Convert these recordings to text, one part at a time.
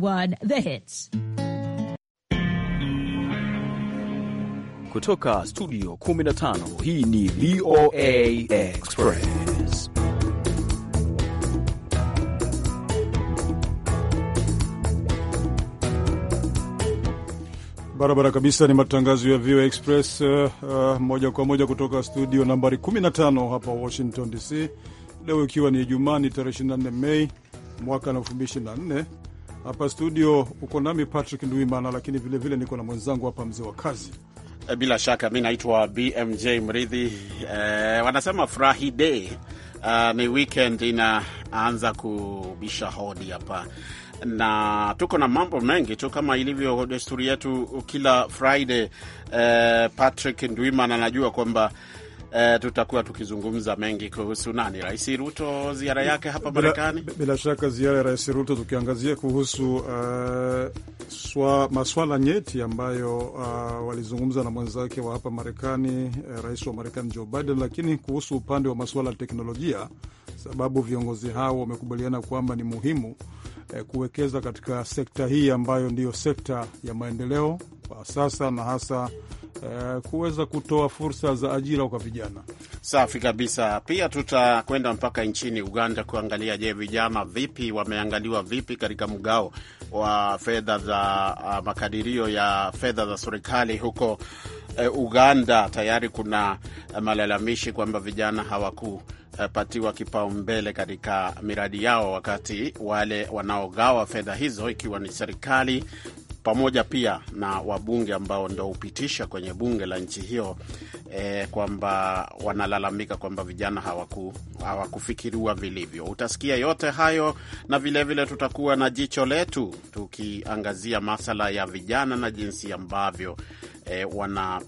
1 The Hits. Kutoka studio 15 hii ni VOA Express. Barabara kabisa ni matangazo ya VOA Express uh, uh, moja kwa moja kutoka studio nambari 15 hapa Washington DC, leo ikiwa ni Ijumaa ni tarehe 24 Mei mwaka hapa studio uko nami Patrick Ndwimana, lakini vilevile niko na mwenzangu hapa mzee wa kazi. Eh, bila shaka mi naitwa BMJ Mridhi. Eh, wanasema furahi Uh, ni weekend inaanza kubisha hodi hapa, na tuko na mambo mengi tu kama ilivyo desturi yetu kila Friday. Eh, Patrick Ndwimana anajua kwamba e, tutakuwa tukizungumza mengi kuhusu nani, Rais Ruto, ziara yake hapa Marekani, bila, bila shaka ziara ya Rais Ruto, tukiangazia kuhusu uh, swa, maswala nyeti ambayo uh, walizungumza na mwenzake wa hapa Marekani uh, Rais wa Marekani Joe Biden, lakini kuhusu upande wa maswala ya teknolojia, sababu viongozi hao wamekubaliana kwamba ni muhimu kuwekeza katika sekta hii ambayo ndiyo sekta ya maendeleo kwa sasa na hasa Eh, kuweza kutoa fursa za ajira kwa vijana. Safi kabisa. Pia tutakwenda mpaka nchini Uganda kuangalia, je, vijana vipi wameangaliwa vipi katika mgao wa fedha za uh, makadirio ya fedha za serikali huko uh, Uganda. Tayari kuna uh, malalamishi kwamba vijana hawakupatiwa patiwa kipaumbele katika miradi yao, wakati wale wanaogawa fedha hizo ikiwa ni serikali pamoja pia na wabunge ambao ndo hupitisha kwenye bunge la nchi hiyo e, kwamba wanalalamika kwamba vijana hawaku, hawakufikiriwa vilivyo. Utasikia yote hayo na vilevile vile tutakuwa na jicho letu tukiangazia masala ya vijana na jinsi ambavyo e, wana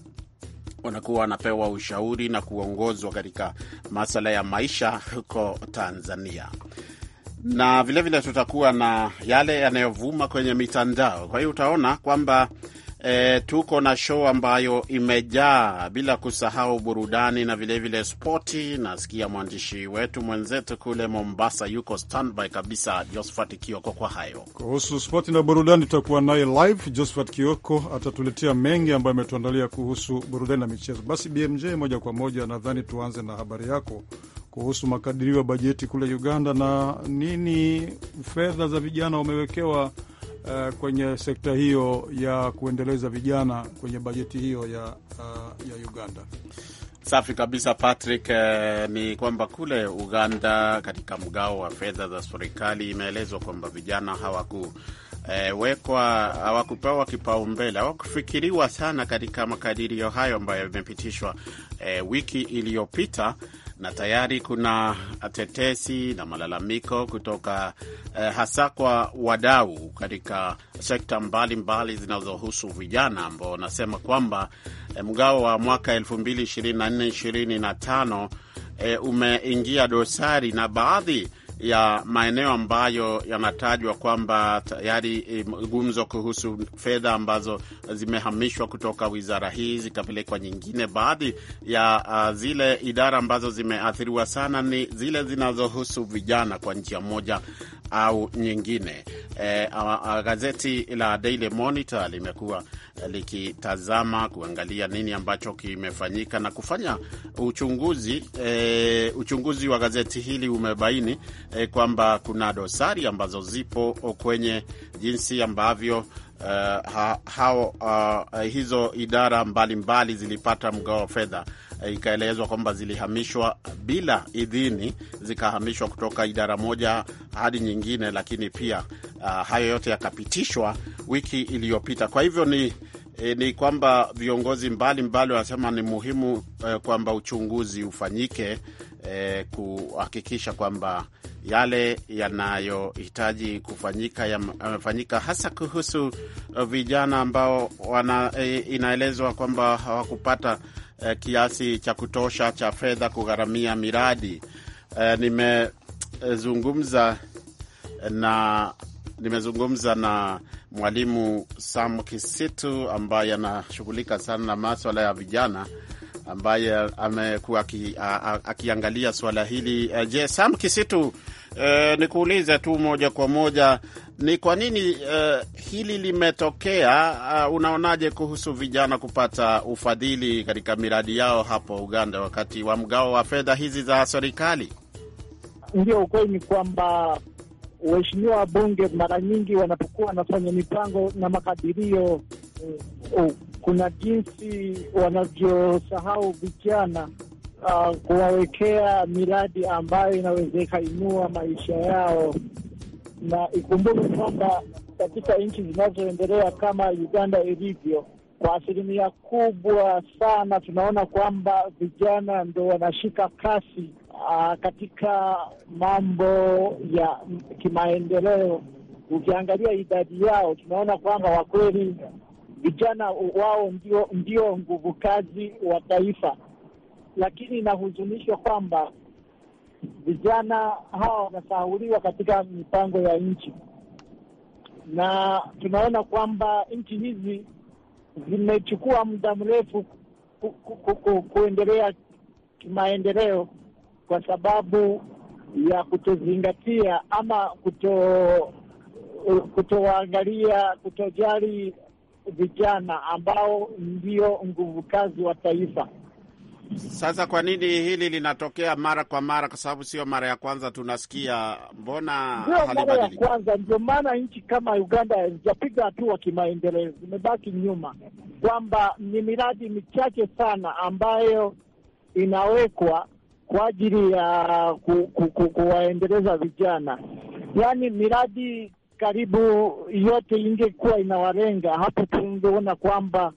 wanakuwa wanapewa ushauri na kuongozwa katika masala ya maisha huko Tanzania na vilevile vile tutakuwa na yale yanayovuma kwenye mitandao. Kwa hiyo utaona kwamba e, tuko na show ambayo imejaa, bila kusahau burudani na vilevile vile spoti. Nasikia mwandishi wetu mwenzetu kule Mombasa yuko standby kabisa, Josphat Kioko. Kwa hayo kuhusu spoti na burudani, tutakuwa naye live. Josphat Kioko atatuletea mengi ambayo ametuandalia kuhusu burudani na michezo. Basi BMJ, moja kwa moja, nadhani tuanze na habari yako kuhusu makadirio ya bajeti kule Uganda na nini fedha za vijana wamewekewa uh, kwenye sekta hiyo ya kuendeleza vijana kwenye bajeti hiyo ya, uh, ya Uganda. Safi kabisa Patrick. Eh, ni kwamba kule Uganda katika mgao wa fedha za serikali imeelezwa kwamba vijana hawakuwekwa eh, hawakupewa kipaumbele, hawakufikiriwa sana katika makadirio hayo ambayo yamepitishwa eh, wiki iliyopita na tayari kuna tetesi na malalamiko kutoka eh, hasa kwa wadau katika sekta mbalimbali zinazohusu vijana ambao wanasema kwamba eh, mgao wa mwaka 2024 2025 eh, umeingia dosari na baadhi ya maeneo ambayo yanatajwa kwamba tayari e, gumzo kuhusu fedha ambazo zimehamishwa kutoka wizara hii zikapelekwa nyingine. Baadhi ya uh, zile idara ambazo zimeathiriwa sana ni zile zinazohusu vijana kwa njia moja au nyingine. E, a, a, gazeti la Daily Monitor limekuwa likitazama kuangalia nini ambacho kimefanyika na kufanya uchunguzi. E, uchunguzi wa gazeti hili umebaini eh, kwamba kuna dosari ambazo zipo kwenye jinsi ambavyo Uh, ha, ha, uh, eh, hizo idara mbalimbali mbali zilipata mgao wa fedha eh, ikaelezwa kwamba zilihamishwa bila idhini, zikahamishwa kutoka idara moja hadi nyingine, lakini pia uh, hayo yote yakapitishwa wiki iliyopita. Kwa hivyo ni, ni kwamba viongozi mbalimbali wanasema ni muhimu eh, kwamba uchunguzi ufanyike eh, kuhakikisha kwamba yale yanayohitaji kufanyika yamefanyika, hasa kuhusu eh, vijana ambao wana, eh, inaelezwa kwamba hawakupata eh, kiasi cha kutosha cha fedha kugharamia miradi nimezungumza na nimezungumza na mwalimu Sam Kisitu ambaye anashughulika sana na maswala ya vijana ambaye amekuwa akiangalia suala hili. Je, Sam Kisitu, Eh, nikuulize tu moja kwa moja ni kwa nini uh, hili limetokea? Uh, unaonaje kuhusu vijana kupata ufadhili katika miradi yao hapo Uganda wakati wa mgao wa fedha hizi za serikali? Ndio, ukweli ni kwamba waheshimiwa wa bunge mara nyingi wanapokuwa wanafanya mipango na makadirio, eh, oh, kuna jinsi wanavyosahau vijana uh, kuwawekea miradi ambayo inaweza ikainua maisha yao, na ikumbuke kwamba katika nchi zinazoendelea kama Uganda ilivyo, kwa asilimia kubwa sana tunaona kwamba vijana ndo wanashika kasi uh, katika mambo ya kimaendeleo. Ukiangalia idadi yao, tunaona kwamba kwa kweli vijana wao ndio, ndio nguvu kazi wa taifa lakini inahuzunishwa kwamba vijana hawa wanasahauliwa katika mipango ya nchi, na tunaona kwamba nchi hizi zimechukua muda mrefu ku, ku, ku, ku, kuendelea kimaendeleo kwa sababu ya kutozingatia ama kuto kutowaangalia kutojali vijana ambao ndio nguvu kazi wa taifa. Sasa kwa nini hili linatokea mara kwa mara? Kwa sababu sio mara ya kwanza tunasikia, mbona mara ya kwanza? Ndio maana nchi kama Uganda hazijapiga hatua kimaendeleo, zimebaki nyuma, kwamba ni miradi michache sana ambayo inawekwa kwa ajili ya ku, ku, ku, kuwaendeleza vijana, yaani miradi karibu yote ingekuwa inawalenga hapo, tungeona kwamba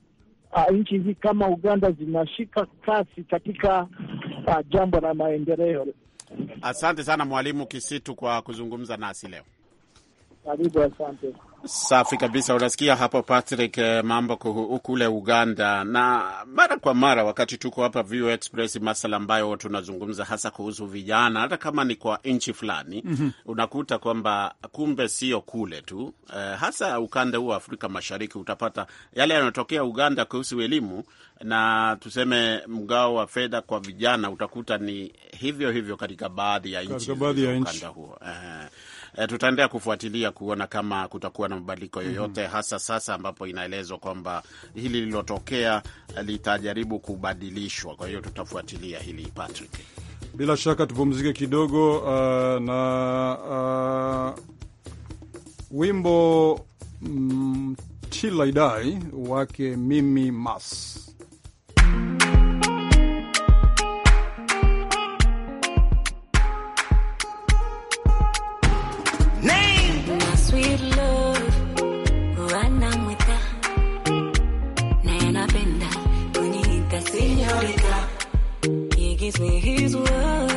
uh, nchi hii kama Uganda zinashika kasi katika uh, jambo la maendeleo. Asante sana Mwalimu Kisitu kwa kuzungumza nasi leo. Karibu, asante. Safi kabisa. Unasikia hapo Patrick, eh, mambo kule Uganda, na mara kwa mara wakati tuko hapa VOA Express, masala ambayo tunazungumza hasa kuhusu vijana, hata kama ni kwa nchi fulani mm -hmm. unakuta kwamba kumbe sio kule tu eh, hasa ukanda huu wa Afrika Mashariki utapata yale yanayotokea Uganda kuhusu elimu na tuseme mgao wa fedha kwa vijana, utakuta ni hivyo hivyo katika baadhi ya nchi ukanda huo eh eh, tutaendelea kufuatilia kuona kama kutakuwa na mabadiliko mhm. yoyote mm -hmm. hasa sasa ambapo inaelezwa kwamba hili lililotokea litajaribu kubadilishwa. Kwa hiyo tutafuatilia hili Patrick. Bila shaka tupumzike kidogo uh, na uh, wimbo mm, Till I Die wake Mimi Mas gives me his love.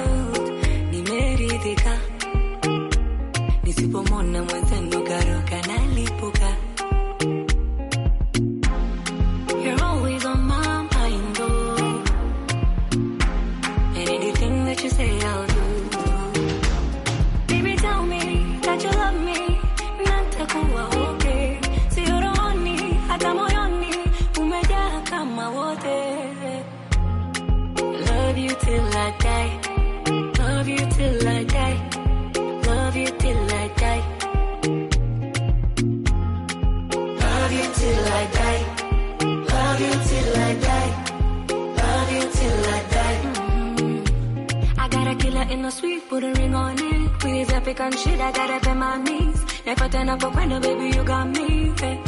knees, African shit, I got up in my knees. Never turn up a window, oh, baby, you got me. Hey.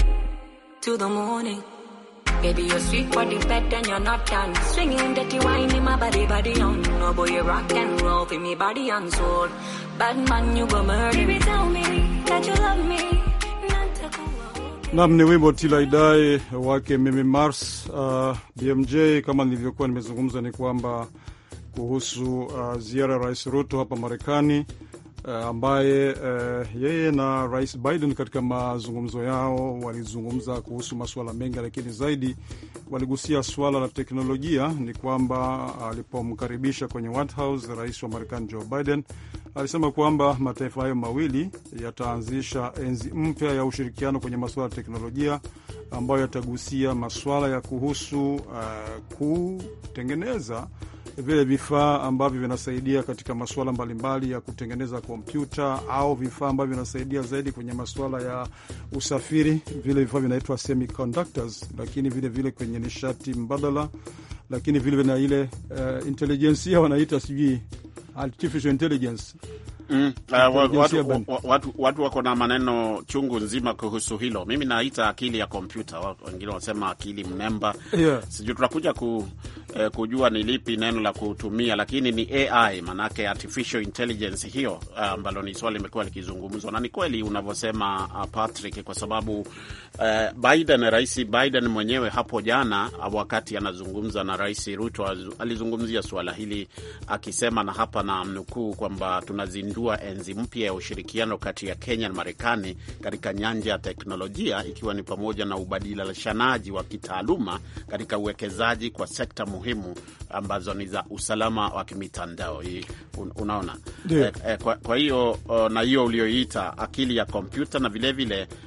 To the morning. Baby, you're sweet for the bed and you're not done. Swinging dirty wine in my body, body on. No oh, boy, you rock and roll for me, body and soul. Bad man, you go murder. Baby, tell me that you love me. Nam ni wimbo tilaidae wake Mimi Mars. Uh, ah, BMJ kama nilivyokuwa nimezungumza ni kwamba kuhusu uh, ziara ya Rais Ruto hapa Marekani uh, ambaye uh, yeye na Rais Biden katika mazungumzo yao walizungumza kuhusu masuala mengi, lakini zaidi waligusia suala la teknolojia. Ni kwamba alipomkaribisha kwenye White House, rais wa Marekani Joe Biden alisema kwamba mataifa hayo mawili yataanzisha enzi mpya ya ushirikiano kwenye masuala ya teknolojia ambayo yatagusia masuala ya kuhusu uh, kutengeneza vile vifaa ambavyo vinasaidia katika masuala mbalimbali ya kutengeneza kompyuta au vifaa ambavyo vinasaidia zaidi kwenye masuala ya usafiri. Vile vifaa vinaitwa semiconductors, lakini vilevile vile kwenye nishati mbadala, lakini vile na ile uh, eh, intelijensia wanaita sijui artificial intelligence. Mm, uh, watu, watu, watu wako na maneno chungu nzima kuhusu hilo. Mimi naita akili ya kompyuta, wengine wanasema akili mnemba, yeah. Sijui tutakuja ku, eh, kujua ni lipi neno la kutumia, lakini ni AI manake artificial intelligence hiyo, eh, ambalo ni swali limekuwa likizungumzwa, na ni kweli unavyosema eh, Patrick, kwa sababu eh, Biden, Rais Biden mwenyewe hapo jana wakati anazungumza na Rais Ruto alizungumzia suala hili akisema, na hapa na mnukuu, kwamba tunazindua enzi mpya ya ushirikiano kati ya Kenya na Marekani katika nyanja ya teknolojia, ikiwa ni pamoja na ubadilishanaji wa kitaaluma katika uwekezaji kwa sekta muhimu ambazo ni za usalama wa kimitandao hii, unaona yeah. E, e, kwa hiyo oh, na hiyo ulioita akili ya kompyuta na vilevile vile,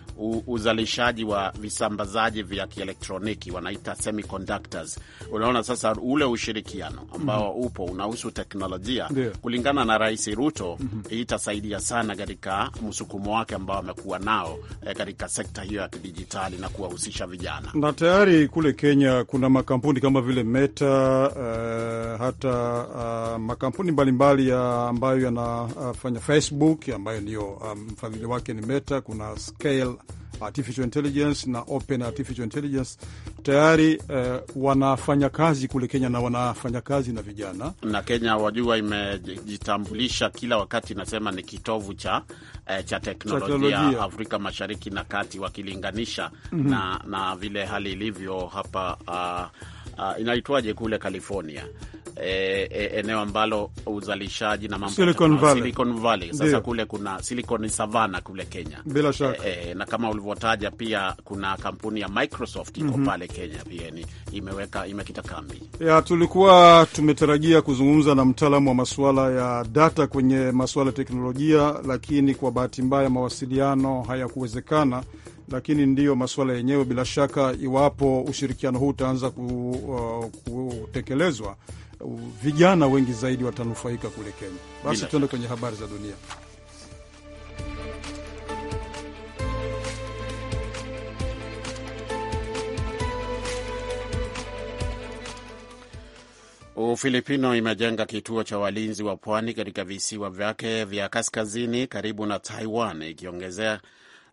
uzalishaji wa visambazaji vya kielektroniki wanaita semiconductors. Unaona sasa ule ushirikiano ambao mm -hmm. upo unahusu teknolojia yeah. Kulingana na Rais Ruto mm -hmm. itasaidia sana katika msukumo wake ambao amekuwa nao eh, katika sekta hiyo ya kidijitali na kuwahusisha vijana, na tayari kule Kenya kuna makampuni kama vile Meta uh, hata uh, makampuni mbalimbali ambayo yanafanya uh, Facebook ambayo ndiyo ah, mfadhili um, wake ni Meta. Kuna Scale artificial intelligence na open artificial intelligence tayari uh, wanafanya kazi kule Kenya na wanafanya kazi na vijana, na Kenya wajua, imejitambulisha kila wakati, inasema ni kitovu cha, eh, cha teknolojia Afrika Mashariki na Kati, wakilinganisha mm -hmm. na, na vile hali ilivyo hapa uh, uh, inaitwaje kule California E, e, eneo ambalo uzalishaji na mambo Silicon Valley. Silicon Valley. Sasa Kule kuna Silicon Savannah kule Kenya bila eh, shaka e, e, na kama ulivyotaja pia kuna kampuni ya Microsoft iko mm -hmm. pale Kenya pia ni imeweka imekita kambi ya. Tulikuwa tumetarajia kuzungumza na mtaalamu wa masuala ya data kwenye masuala ya teknolojia, lakini kwa bahati mbaya mawasiliano hayakuwezekana lakini ndiyo masuala yenyewe. Bila shaka, iwapo ushirikiano huu utaanza uh, kutekelezwa, uh, vijana wengi zaidi watanufaika kule Kenya. Basi tuende kwenye habari za dunia. Ufilipino imejenga kituo cha walinzi wa pwani katika visiwa vyake vya kaskazini karibu na Taiwan, ikiongezea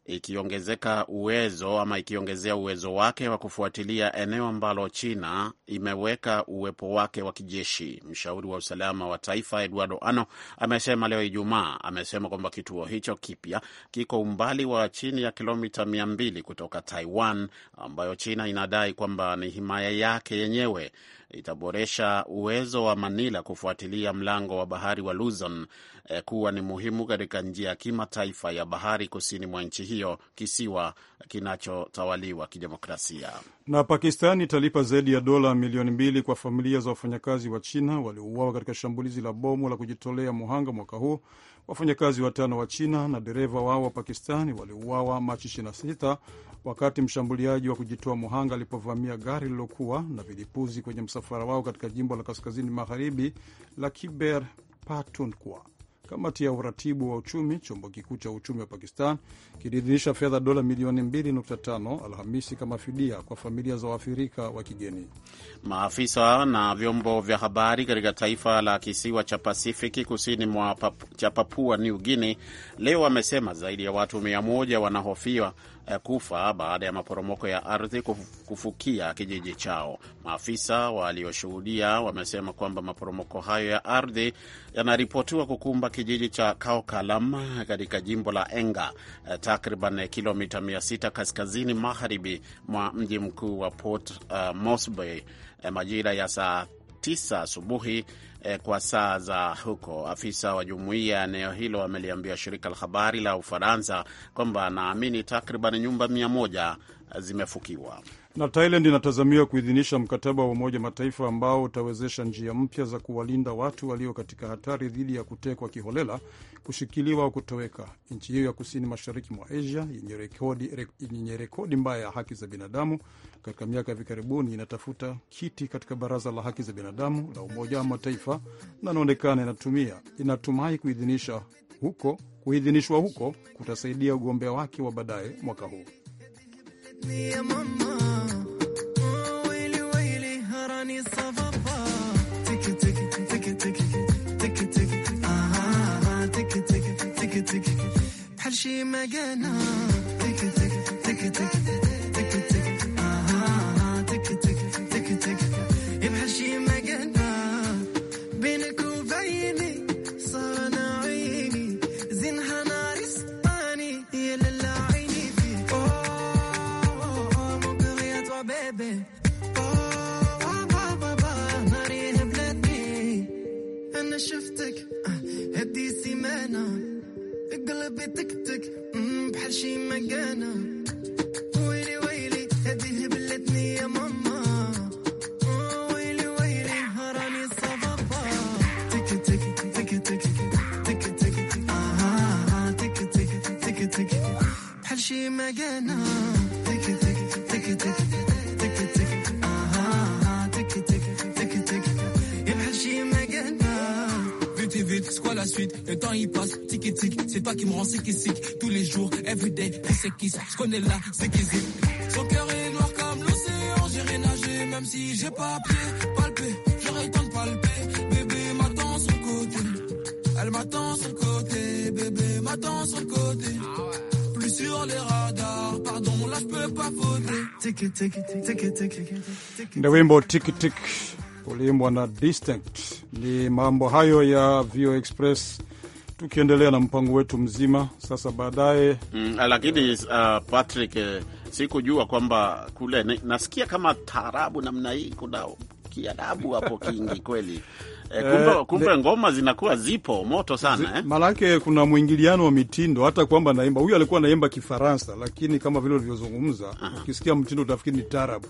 ikiongezeka uwezo ama ikiongezea uwezo wake wa kufuatilia eneo ambalo China imeweka uwepo wake wa kijeshi. Mshauri wa usalama wa taifa Eduardo Ano amesema leo Ijumaa, amesema kwamba kituo hicho kipya kiko umbali wa chini ya kilomita mia mbili kutoka Taiwan ambayo China inadai kwamba ni himaya yake yenyewe itaboresha uwezo wa Manila kufuatilia mlango wa bahari wa Luzon eh, kuwa ni muhimu katika njia ya kimataifa ya bahari kusini mwa nchi hiyo, kisiwa kinachotawaliwa kidemokrasia. Na Pakistani italipa zaidi ya dola milioni mbili kwa familia za wafanyakazi wa China waliouawa katika shambulizi la bomu la kujitolea muhanga mwaka huu Wafanyakazi watano wa China na dereva wao wa Pakistani waliuawa Machi 26 wakati mshambuliaji wa kujitoa muhanga alipovamia gari lililokuwa na vilipuzi kwenye msafara wao katika jimbo la kaskazini magharibi la kiber patunkwa Kamati ya uratibu wa uchumi, chombo kikuu cha uchumi wa Pakistan, kiliidhinisha fedha dola milioni 2.5 Alhamisi kama fidia kwa familia za waathirika wa kigeni. Maafisa na vyombo vya habari katika taifa la kisiwa cha Pasifiki kusini mwa cha Papua New Guinea leo wamesema zaidi ya watu 100 wanahofiwa Eh, kufa baada ya maporomoko ya ardhi kufukia kijiji chao. Maafisa walioshuhudia wamesema kwamba maporomoko hayo ya ardhi yanaripotiwa kukumba kijiji cha Kaokalam katika jimbo la Enga, eh, takriban kilomita 600 kaskazini magharibi mwa mji mkuu wa Port uh, Moresby majira ya saa 9 asubuhi eh, kwa saa za huko. Afisa wa jumuiya ya eneo hilo ameliambia shirika la habari la Ufaransa kwamba anaamini takriban nyumba mia moja zimefukiwa. Na Thailand inatazamiwa kuidhinisha mkataba wa Umoja Mataifa ambao utawezesha njia mpya za kuwalinda watu walio katika hatari dhidi ya kutekwa kiholela, kushikiliwa au kutoweka. Nchi hiyo ya kusini mashariki mwa Asia yenye rekodi, yenye rekodi mbaya ya haki za binadamu katika miaka hivi karibuni inatafuta kiti katika Baraza la Haki za Binadamu la Umoja wa Mataifa. Mataifa na inaonekana inatumia inatumai kuidhinisha huko, kuidhinishwa huko kutasaidia ugombea wake wa baadaye mwaka huu. Vite vite, c'est quoi la suite Le temps il passe, tic et c'est toi qui me rends sick et sick Tous les jours, everyday, qui c'est qui Je connais là c'est qui Son cœur est noir comme l'océan, j'irai nager Même si j'ai pas pied, palpé, j'aurais le temps de palper Bébé m'attend sur le côté Elle m'attend sur le côté, bébé m'attend sur côté sur les radars. Pardon, là je peux pas voter. Ndio wimbo tiki tiki uliimbwa na Distinct. Ni mambo hayo ya Vio Express tukiendelea na mpango wetu mzima sasa baadaye. Mm, lakini uh, Patrick eh, sikujua kwamba kule nasikia kama taarabu namna hii kuna kiarabu hapo kingi kweli E, kumbe, eh, kumbe ngoma zinakuwa zipo moto sana zi, eh? Maanake kuna mwingiliano wa mitindo hata kwamba naimba huyu alikuwa naimba Kifaransa, lakini kama vile ulivyozungumza ukisikia mtindo utafikiri ni tarabu,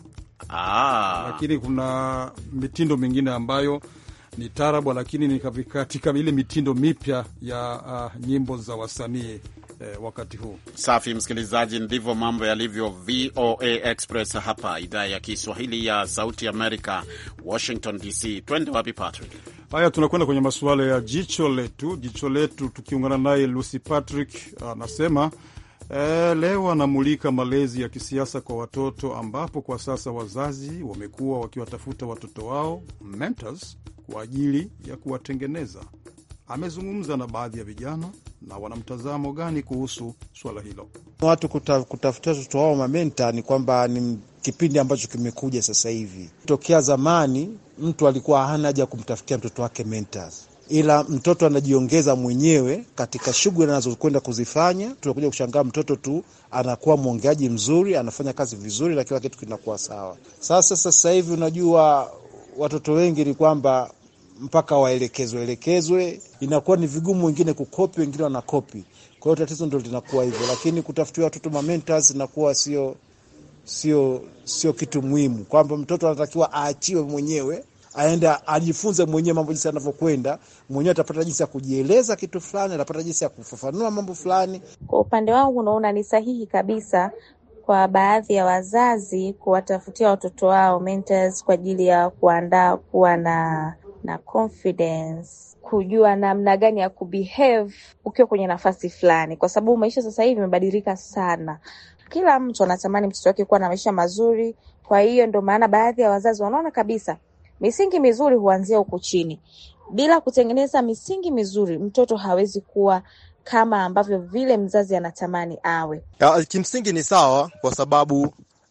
ah. lakini kuna mitindo mingine ambayo ni tarabwa, lakini ni katika ile mitindo mipya ya uh, nyimbo za wasanii eh, wakati huu. Safi msikilizaji, ndivyo mambo yalivyo. VOA Express hapa idhaa ya Kiswahili ya Sauti Amerika, Washington DC. Twende wapi Patrick? Haya, tunakwenda kwenye masuala ya jicho letu. Jicho letu tukiungana naye Lucy Patrick anasema uh, E, leo anamulika malezi ya kisiasa kwa watoto ambapo kwa sasa wazazi wamekuwa wakiwatafuta watoto wao mentors kwa ajili ya kuwatengeneza. Amezungumza na baadhi ya vijana na wanamtazamo gani kuhusu swala hilo. Watu kuta, kutafutia watoto wao mamenta ni kwamba ni kipindi ambacho kimekuja sasa hivi. Tokea zamani mtu alikuwa hana haja kumtafutia mtoto wake mentors ila mtoto anajiongeza mwenyewe katika shughuli anazokwenda kuzifanya. Tunakuja kushangaa mtoto tu anakuwa mwongeaji mzuri, anafanya kazi vizuri na kila kitu kinakuwa sawa. Sasa sasa hivi unajua, watoto wengi ni kwamba mpaka waelekezwe elekezwe, inakuwa ni vigumu, wengine kukopi, wengine wanakopi. Kwa hiyo tatizo ndo linakuwa hivyo, lakini kutafutia watoto mentors inakuwa sio sio sio kitu muhimu, kwamba mtoto anatakiwa aachiwe mwenyewe aenda ajifunze mwenyewe mambo jinsi yanavyokwenda, mwenyewe atapata jinsi ya kujieleza kitu fulani, atapata jinsi ya kufafanua mambo fulani. Kwa upande wangu, unaona ni sahihi kabisa kwa baadhi ya wazazi kuwatafutia watoto wao mentors kwa ajili ya kuandaa kuwa na na confidence, kujua namna gani ya kubehave ukiwa kwenye nafasi fulani, kwa sababu maisha sasa hivi imebadilika sana. Kila mtu anatamani mtoto wake kuwa na maisha mazuri. Kwa hiyo ndo maana baadhi ya wazazi wanaona kabisa Misingi mizuri huanzia huku chini. Bila kutengeneza misingi mizuri, mtoto hawezi kuwa kama ambavyo vile mzazi anatamani awe. Ya, kimsingi ni sawa kwa sababu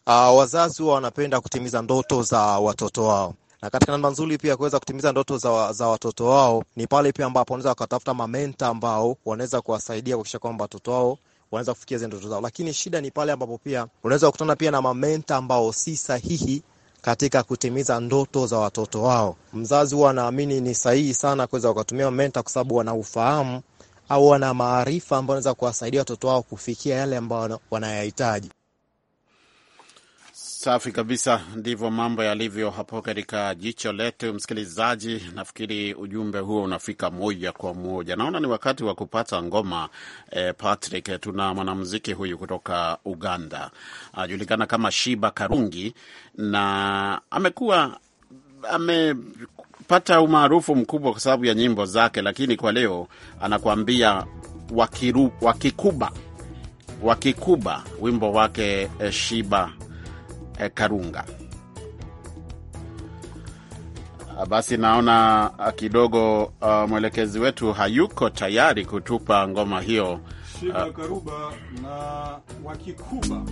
uh, wazazi huwa wanapenda kutimiza ndoto za watoto wao na katika namna nzuri pia kuweza kutimiza ndoto za, za watoto wao ni pale pia ambapo wanaweza wakatafuta mamenta ambao wanaweza kuwasaidia kuhakikisha kwamba watoto wao wanaweza kufikia zile ndoto zao, lakini shida ni pale ambapo pia unaweza kukutana pia na mamenta ambao si sahihi katika kutimiza ndoto za watoto wao. Mzazi huwa anaamini ni sahihi sana kuweza wakatumia menta kwa sababu wana ufahamu au wana maarifa ambayo wanaweza kuwasaidia watoto wao kufikia yale ambayo wanayahitaji. Safi kabisa, ndivyo mambo yalivyo hapo katika jicho letu. Msikilizaji, nafikiri ujumbe huo unafika moja kwa moja. Naona ni wakati wa kupata ngoma eh, Patrick. Tuna mwanamuziki huyu kutoka Uganda anajulikana kama Shiba Karungi na amekuwa amepata umaarufu mkubwa kwa sababu ya nyimbo zake, lakini kwa leo anakuambia wakiru, wakikuba wakikuba wimbo wake eh, Shiba Karunga. Ah, basi naona ah, kidogo uh, mwelekezi wetu hayuko tayari kutupa ngoma hiyo uh, Karuba na Wakikuba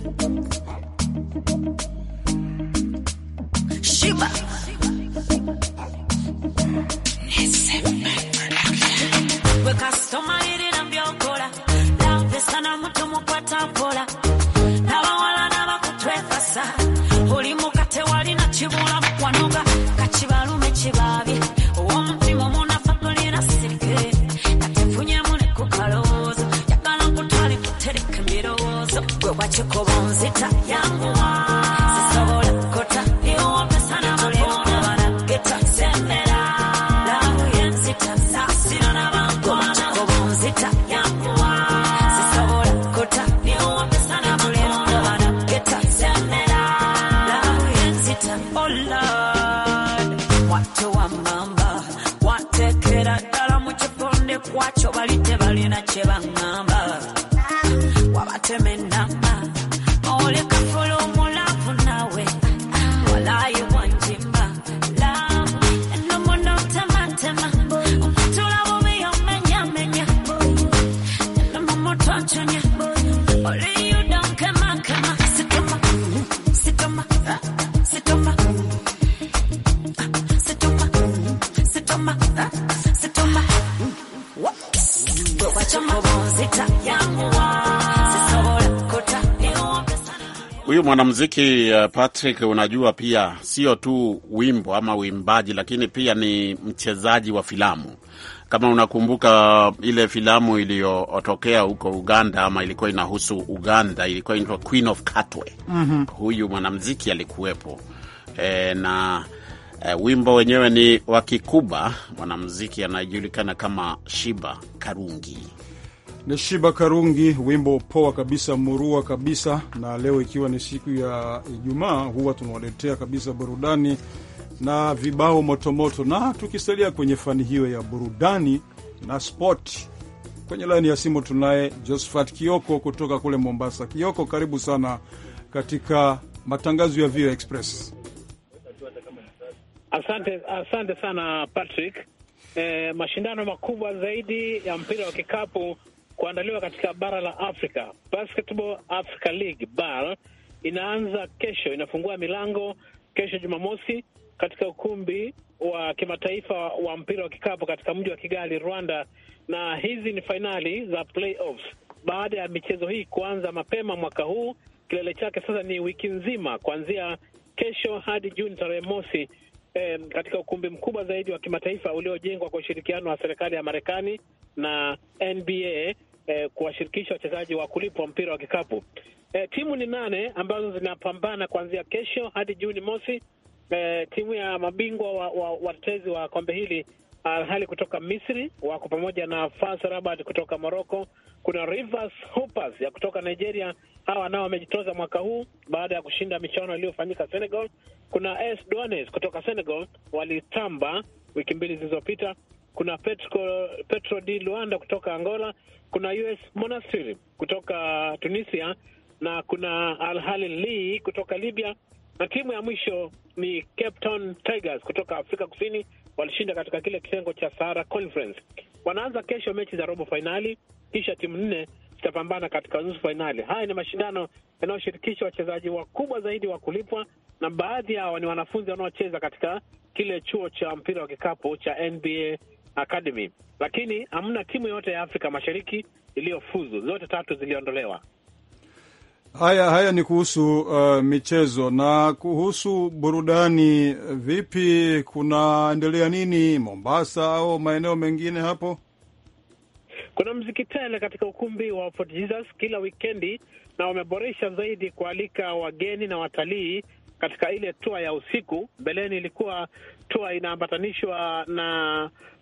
Shiba. Shiba. Shiba. Huyu mwanamuziki uh, Patrick, unajua pia sio tu wimbo ama uimbaji, lakini pia ni mchezaji wa filamu. Kama unakumbuka uh, ile filamu iliyotokea huko Uganda, ama ilikuwa inahusu Uganda, ilikuwa inaitwa Queen of Katwe. mm -hmm. Huyu mwanamuziki alikuwepo e, na e, wimbo wenyewe ni wa Kikuba. Mwanamuziki anayejulikana kama Shiba Karungi ni Shiba Karungi, wimbo poa kabisa, murua kabisa. Na leo ikiwa ni siku ya Ijumaa, huwa tunawaletea kabisa burudani na vibao motomoto, na tukisalia kwenye fani hiyo ya burudani na sport, kwenye laini ya simu tunaye Josephat Kioko kutoka kule Mombasa. Kioko, karibu sana katika matangazo ya VOA Express. Asante, asante sana Patrick. Eh, mashindano makubwa zaidi ya mpira wa kikapu kuandaliwa katika bara la Afrika. Basketball Africa League BAL inaanza kesho, inafungua milango kesho Jumamosi katika ukumbi wa kimataifa wa mpira wa kikapu katika mji wa Kigali, Rwanda, na hizi ni fainali za playoffs. Baada ya michezo hii kuanza mapema mwaka huu, kilele chake sasa ni wiki nzima kuanzia kesho hadi Juni tarehe mosi eh, katika ukumbi mkubwa zaidi wa kimataifa uliojengwa kwa ushirikiano wa serikali ya Marekani na NBA eh, kuwashirikisha wachezaji wa kulipwa mpira wa kikapu. Eh, timu ni nane ambazo zinapambana kuanzia kesho hadi Juni mosi. Eh, timu ya mabingwa watetezi wa, wa, wa kombe hili Alhali kutoka Misri wako pamoja na FAS Rabat kutoka Morocco. Kuna Rivers Hoopers ya kutoka Nigeria, hawa nao wamejitoza mwaka huu baada ya kushinda michuano iliyofanyika Senegal. Kuna AS Douanes kutoka Senegal, walitamba wiki mbili zilizopita kuna Petro, Petro di Luanda kutoka Angola, kuna US Monastery kutoka Tunisia na kuna Al Hilal Lee kutoka Libya, na timu ya mwisho ni Cape Town Tigers kutoka Afrika Kusini. Walishinda katika kile kitengo cha Sahara Conference. Wanaanza kesho mechi za robo fainali, kisha timu nne zitapambana katika nusu fainali. Haya ni mashindano yanayoshirikisha wachezaji wakubwa zaidi wa kulipwa, na baadhi yao ni wanafunzi wanaocheza katika kile chuo cha mpira wa kikapu cha NBA Academy, lakini hamna timu yoyote ya Afrika Mashariki iliyofuzu, zote tatu ziliondolewa. Haya haya ni kuhusu uh, michezo na kuhusu burudani. Vipi, kunaendelea nini Mombasa au maeneo mengine hapo? Kuna mziki tele katika ukumbi wa Fort Jesus kila wikendi, na wameboresha zaidi kualika wageni na watalii katika ile tua ya usiku. Mbeleni ilikuwa tua inaambatanishwa na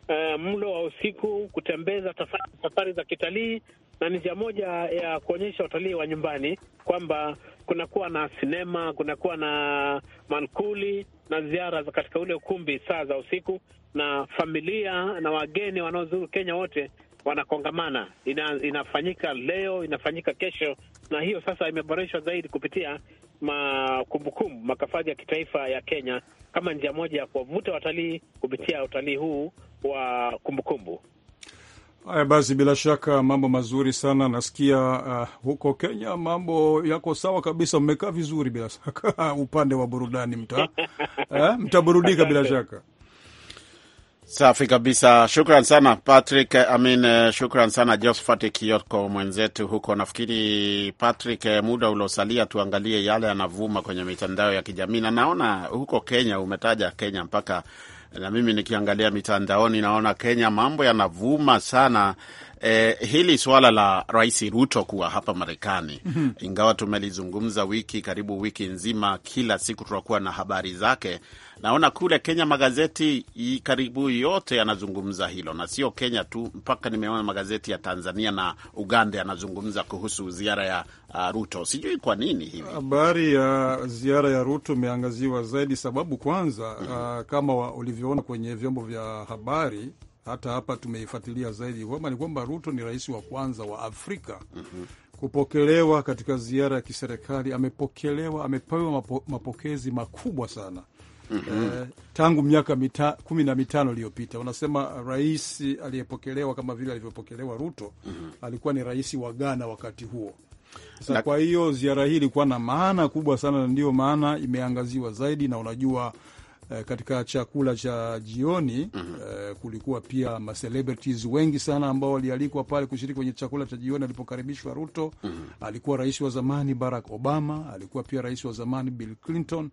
uh, mlo wa usiku, kutembeza, safari za kitalii, na ni njia moja ya kuonyesha utalii wa nyumbani kwamba kunakuwa na sinema, kunakuwa na mankuli na ziara katika ule ukumbi saa za usiku, na familia na wageni wanaozuru Kenya wote wanakongamana. Ina, inafanyika leo, inafanyika kesho, na hiyo sasa imeboreshwa zaidi kupitia makumbukumbu makafadhi ya kitaifa ya Kenya kama njia moja ya kuwavuta watalii kupitia utalii huu wa kumbukumbu. Haya basi, bila shaka mambo mazuri sana nasikia. Uh, huko Kenya mambo yako sawa kabisa, mmekaa vizuri bila shaka upande wa burudani mta eh, mtaburudika bila shaka. Safi kabisa, shukran sana Patrick. I mean, eh, shukran sana Josphat Kioko mwenzetu huko. Nafikiri Patrick, eh, muda uliosalia tuangalie yale yanavuma kwenye mitandao ya kijamii, na naona huko Kenya, umetaja Kenya mpaka na mimi nikiangalia mitandaoni naona Kenya mambo yanavuma sana eh, hili suala la Rais Ruto kuwa hapa Marekani mm -hmm. ingawa tumelizungumza wiki karibu wiki nzima, kila siku tunakuwa na habari zake. Naona kule Kenya magazeti karibu yote yanazungumza hilo, na sio Kenya tu, mpaka nimeona magazeti ya Tanzania na Uganda yanazungumza kuhusu ziara ya uh, Ruto. Sijui kwa nini hivi habari ya ziara ya Ruto imeangaziwa zaidi, sababu kwanza, mm -hmm. uh, kama ulivyoona kwenye vyombo vya habari hata hapa tumeifuatilia zaidi kwamba ni kwamba Ruto ni rais wa kwanza wa Afrika mm -hmm. kupokelewa katika ziara ya kiserikali. Amepokelewa, amepewa mapo, mapokezi makubwa sana mm -hmm. eh, tangu miaka mita, kumi na mitano iliyopita. Unasema rais aliyepokelewa kama vile alivyopokelewa Ruto mm -hmm. alikuwa ni rais wa Ghana wakati huo. Sa, kwa hiyo ziara hii ilikuwa na maana kubwa sana, na ndiyo maana imeangaziwa zaidi, na unajua Eh, katika chakula cha jioni mm -hmm. Eh, kulikuwa pia macelebrities wengi sana ambao walialikwa pale kushiriki kwenye chakula cha jioni alipokaribishwa Ruto mm -hmm. Alikuwa rais wa zamani Barack Obama, alikuwa pia rais wa zamani Bill Clinton.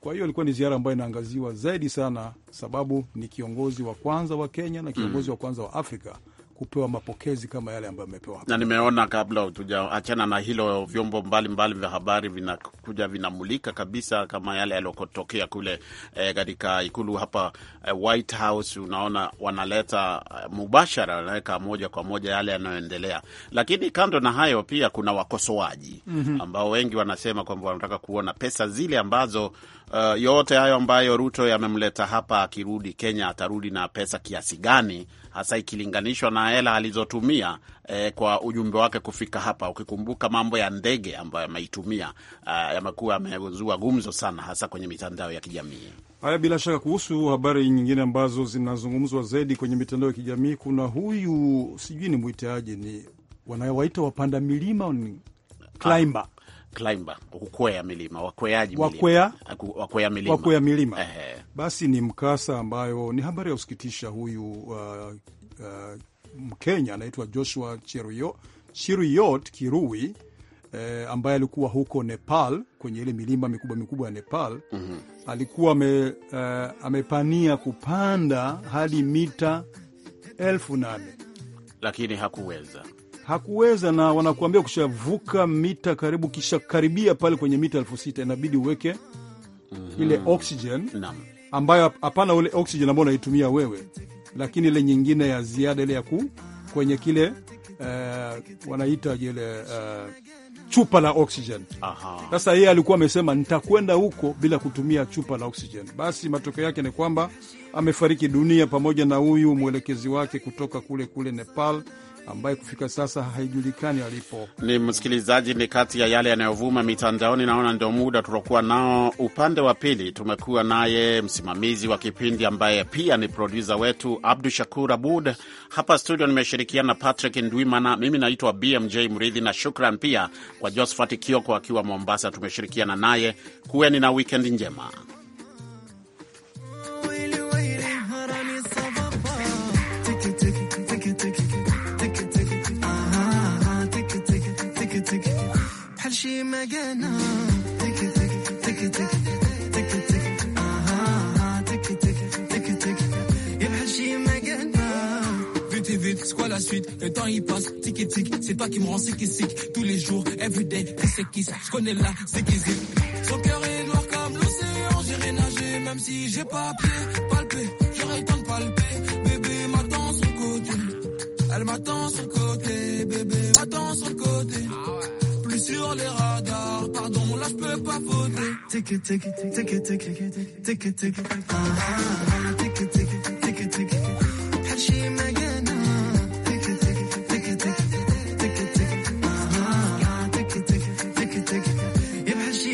Kwa hiyo ilikuwa ni ziara ambayo inaangaziwa zaidi sana, sababu ni kiongozi wa kwanza wa Kenya na kiongozi mm -hmm. wa kwanza wa Afrika kupewa mapokezi kama yale ambayo amepewa. Na nimeona kabla tujaachana na hilo, vyombo mbalimbali vya habari vinakuja vinamulika kabisa kama yale yaliyotokea kule eh, katika eh, ikulu hapa eh, White House. Unaona wanaleta eh, mubashara, wanaweka moja kwa moja yale yanayoendelea, lakini kando na hayo pia kuna wakosoaji mm -hmm. ambao wengi wanasema kwamba wanataka kuona pesa zile ambazo uh, yote hayo ambayo Ruto yamemleta hapa, akirudi Kenya atarudi na pesa kiasi gani hasa ikilinganishwa na hela alizotumia eh, kwa ujumbe wake kufika hapa. Ukikumbuka mambo ya ndege ambayo ameitumia, uh, yamekuwa yamezua gumzo sana, hasa kwenye mitandao ya kijamii. Haya, bila shaka, kuhusu habari nyingine ambazo zinazungumzwa zaidi kwenye mitandao ya kijamii, kuna huyu sijui ni mwiteaje, ni wanawaita wapanda milima ni climber climber, kukwea milima, wakweaji milima, wakwea, milima, wakwea milima. Ehe. Basi ni mkasa ambayo ni habari ya kusikitisha. Huyu uh, uh, Mkenya anaitwa Joshua Cheruiyot Chiruyot Kirui eh, ambaye alikuwa huko Nepal kwenye ile milima mikubwa mikubwa ya Nepal. mm -hmm. Alikuwa me, uh, amepania kupanda hadi mita elfu nane lakini hakuweza hakuweza, na wanakuambia kushavuka mita karibu, kisha karibia pale kwenye mita elfu sita inabidi uweke mm -hmm. ile oxygen ambayo hapana, ule oxygen ambao unaitumia wewe, lakini ile nyingine ya ziada ile ya ku kwenye kile uh, eh, wanaita ile uh, chupa la oxygen. Sasa yeye alikuwa amesema nitakwenda huko bila kutumia chupa la oxygen. Basi matokeo yake ni kwamba amefariki dunia pamoja na huyu mwelekezi wake kutoka kule kule Nepal ambaye kufika sasa haijulikani alipo. Ni msikilizaji, ni kati ya yale yanayovuma mitandaoni. Naona ndio muda tutakuwa nao. Upande wa pili tumekuwa naye msimamizi wa kipindi ambaye pia ni produsa wetu Abdu Shakur Abud. Hapa studio nimeshirikiana na Patrick Ndwimana, mimi naitwa BMJ Mridhi, na shukran pia kwa Josphat Kioko akiwa Mombasa, tumeshirikiana naye. Kuweni na wikendi njema. vite, c'est quoi la suite Le temps il passe, tic et tic, c'est toi qui me rends sick et sick Tous les jours, everyday, c'est qui je connais la, c'est qui Son cœur est noir comme l'océan, j'irai nager même si j'ai pas pied tick tick tick tick tick tick tick tick tick tick tick tick tick